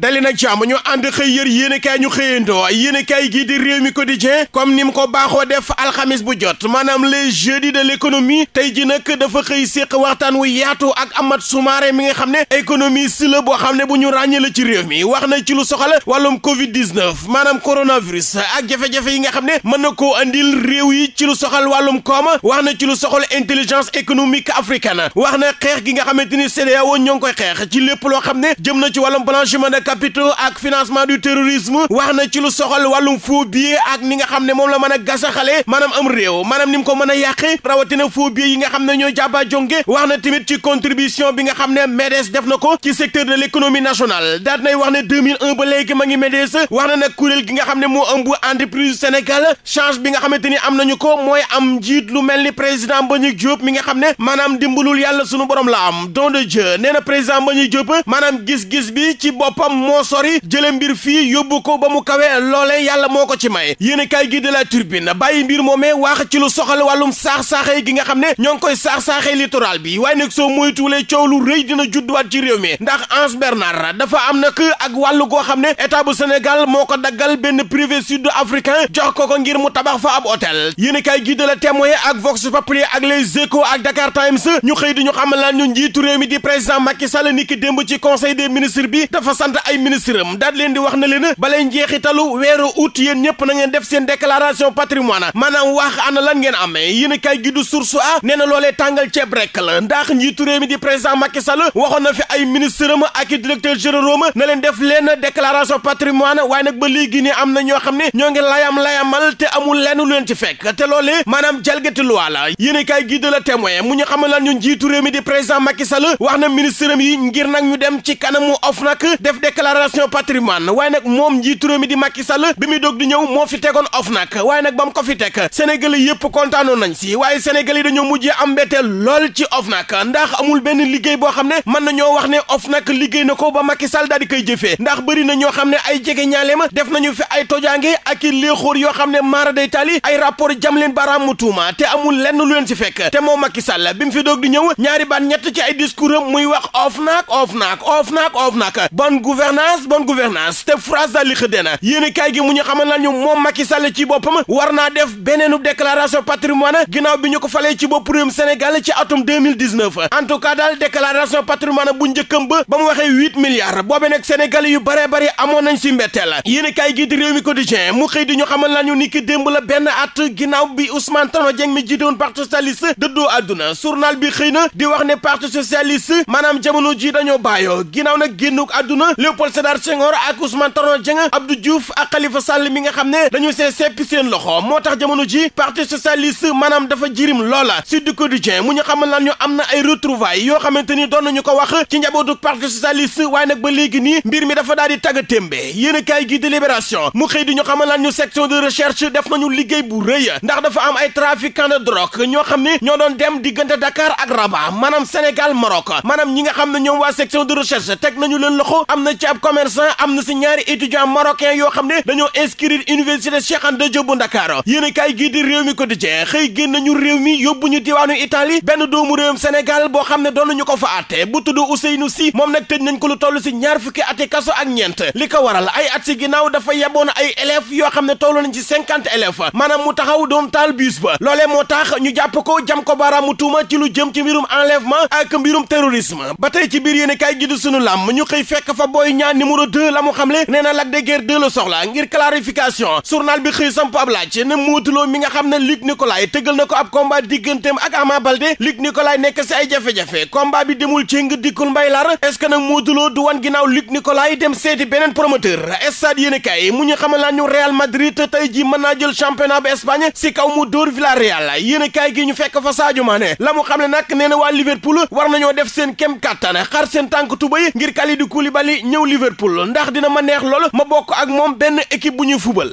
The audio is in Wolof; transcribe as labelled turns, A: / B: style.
A: dali nag jàmm ñu ànd xëy yër yéenekaay ñu xëyandoo yéenekaay gii di réew mi quotidien comme ni mu ko baaxoo def alxamis bu jot maanaam les jeudis de l'économie tey ji nag dafa xëy séq waxtaan wu yaatu ak amat Soumaré mi nga xam ne économiste la boo xam ne bu ñu ràññee la ci réew mi wax na ci lu soxal wàllum covid 19 maanaam coronavirus ak jafe-jafe yi nga xam ne mën na koo andil réew yi ci lu soxal wàllum koom wax na ci lu soxal intelligence économique africaine wax na xeex gi nga xamante ni CEDEAO ñoo ngi koy xeex ci lépp loo xam ne jëm na ci wàllum blanchiment capitaux ak financement du terrorisme wax na ci lu soxal wàllum faux billets ak ni nga xam ne moom la mën a gasaxale maanaam am réew maanaam ni mu ko mën a yàqe rawatina faux billets yi nga xam ne ñooy jàppa jonge wax na tamit ci contribution bi nga xam ne MEDES def na ko ci secteur de l' économie nationale daat nay wax ne 2001 ba léegi ma ngi MEDES wax na nag kuréel gi nga xam ne moo ëmb entreprise Sénégal change bi nga xamante ni am nañu ko mooy am njiit lu mel ni président Mbagnick Diop mi nga xam ne maanaam dimbalul yàlla sunu borom la am don de nee na président Mbagnick Diop maanaam gis-gis bi ci boppam xam moo sori jële mbir fii yóbbu ko ba mu kawe loole yàlla moo ko ci may yéen kaay gi de la turbine bàyyi mbir moomee wax ci lu soxal wàllum saax-saaxee gi nga xam ne ñoo ngi koy saax-saaxee littoral bi waaye nag soo moytuwulee coow lu rëy dina judduwaat ci réew mi ndax Anse Bernard dafa am nag ak wàllu goo xam ne état bu Sénégal moo ko daggal benn privé sud africain jox ko ko ngir mu tabax fa ab hôtel yéen i kaay gi de la témoin ak Vox Populi ak Les Échos ak ñu xëy di ñu xamal laan ñu njiitu réew mi di président Macky Sall ni ki ay ministre am daal leen di wax na leen balay njeexitalu weeru août yéen ñëpp na ngeen def seen déclaration patrimoine maanaam wax ana lan ngeen amee yéen a kaay gi du source a nee na loolee tàngal ceeb rek la ndax njiitu réew mi di président Macky Sall waxoon na fi ay ministre am ak i directeur généraux am na leen def leen déclaration patrimoine waaye nag ba léegi nii am na ñoo xam ne ñoo ngi layam layamal te amul lenn lu leen ci fekk te loolee maanaam jalgati loi la yéen a kaay gi de la témoin mu ñu xamal lan ñu njiitu réew mi di président Macky Sall wax na ministre yi ngir nag ñu dem ci kanamu of nag def déclaration patrimoine waaye nag moom njiitu réew mi di Macky Sall bi muy dog di ñëw moo fi tegoon OFNAC waaye nag ba mu ko fi teg Sénégal yëpp kontaanoon nañ si waaye Sénégal yi dañoo mujjee am mbetteel lool ci OFNAC ndax amul benn liggéey boo xam ne mën ñoo wax ne OFNAC liggéey na ko ba Macky Sall daal di koy jëfee ndax bëri na ñoo xam ne ay jege ñaaleema def nañu fi ay tojaange ak i léexóor yoo xam ne maara day taali ay rapport jam leen baraamu tuuma te amul lenn lu leen si fekk te moom Macky Sall bi mu fi doog di ñëw ñaari baat ñett ci ay discours am muy wax OFNAC OFNAC OFNAC OFNAC gouvernance bonne gouvernance te phrase daal li xëddee na i gi mu ñu xamal nañu moom Macky Sall ci boppam war naa def beneenub déclaration patrimoine ginnaaw bi ñu ko falee ci bopp réewum ci atum 2019 en tout cas daal déclaration patrimoine bu njëkkam ba ba mu waxee huit milliards boobee nag Sénégal yu baree bari amoon nañ si mbetteel yéen i kaay gi di réew mi quotidien mu xëy di ni ki démb benn at ginnaaw bi Ousmane Tanor Dieng mi jiite woon parti socialiste dëddoo àdduna na di wax ne parti socialiste maanaam jamono ji dañoo bàyyoo ginnaaw nag génnuk àdduna Léopold Sédar Senghor ak Ousmane Tanor Dieng Abdou Diouf ak Khalifa Sall mi nga xam ne dañu see seppi seen loxo moo tax jamono ji parti socialiste maanaam dafa jirim loola Sud Quotidien mu ñu xamal lan ñu am na ay retrouvailles yoo xamante ni doon nañu ko wax ci njabootu parti socialiste waaye nag ba léegi nii mbir mi dafa daal di tagga témbe yéen a kaay gi de Libération mu xëy di ñu xamal lan ñu section de recherche def nañu liggéey bu rëy ndax dafa am ay trafiquants de drogue ñoo xam ne ñoo doon dem diggante Dakar ak Rabat maanaam Sénégal Maroc maanaam ñi nga xam ne ñoom waa section de recherche teg nañu leen loxo am na ci ab commerçant am na si ñaar ñaari étudiant marocain yoo xam ne dañoo inscrire université Cheikh Anta Diop bu Ndakaaru yéen a kaay gii di réew mi ko di jeex xëy génn ñu réew mi yóbbu ñu diwaanu Italie benn doomu réewum Sénégal boo xam ne doon ñu ko fa àtte bu tudd nu Sy moom nag tëj nañ ko lu toll si ñaar fukki ati kaso ak ñeent li ko waral ay at si ginnaaw dafa yeboon ay élèves yoo xam ne toll nañ ci cinquante élèves maanaam mu taxaw doon taal bus ba loolee moo tax ñu jàpp ko jam ko baaraamu tuuma ci lu jëm ci mbirum enlèvement ak mbirum ba tey ci biir yéen kaay gi di ñu xëy fekk Boy Niang numéro 2 la mu xamle nee na Lac de Guiers 2 la soxla ngir clarification journal bi xëy samp ab laaj ne Modou Lo mi nga xam ne Luc Nicolaï tëggal na ko ab combat digganteem ak Ama Baldé Luc Nicolaï nekk si ay jafe-jafe combat bi demul ci nga dikkul mbay lar est-ce que nag Modou Lo du wan ginnaaw Luc Nicolaï dem seeti beneen promoteur stade yéen kay mu ñu xamal laa ñu Real Madrid tey ji mën naa jël championnat bu Espagne si kaw mu dóor Villarreal yéen kay gi ñu fekk fa Sadio Mané la mu xam ne nag nee na waa Liverpool war nañoo def seen kem kàttan xar seen tànk tubay ngir Kalidou ñëw Liverpool ndax dina ma neex lool ma bokk ak moom benn équipe bu ñuy fubal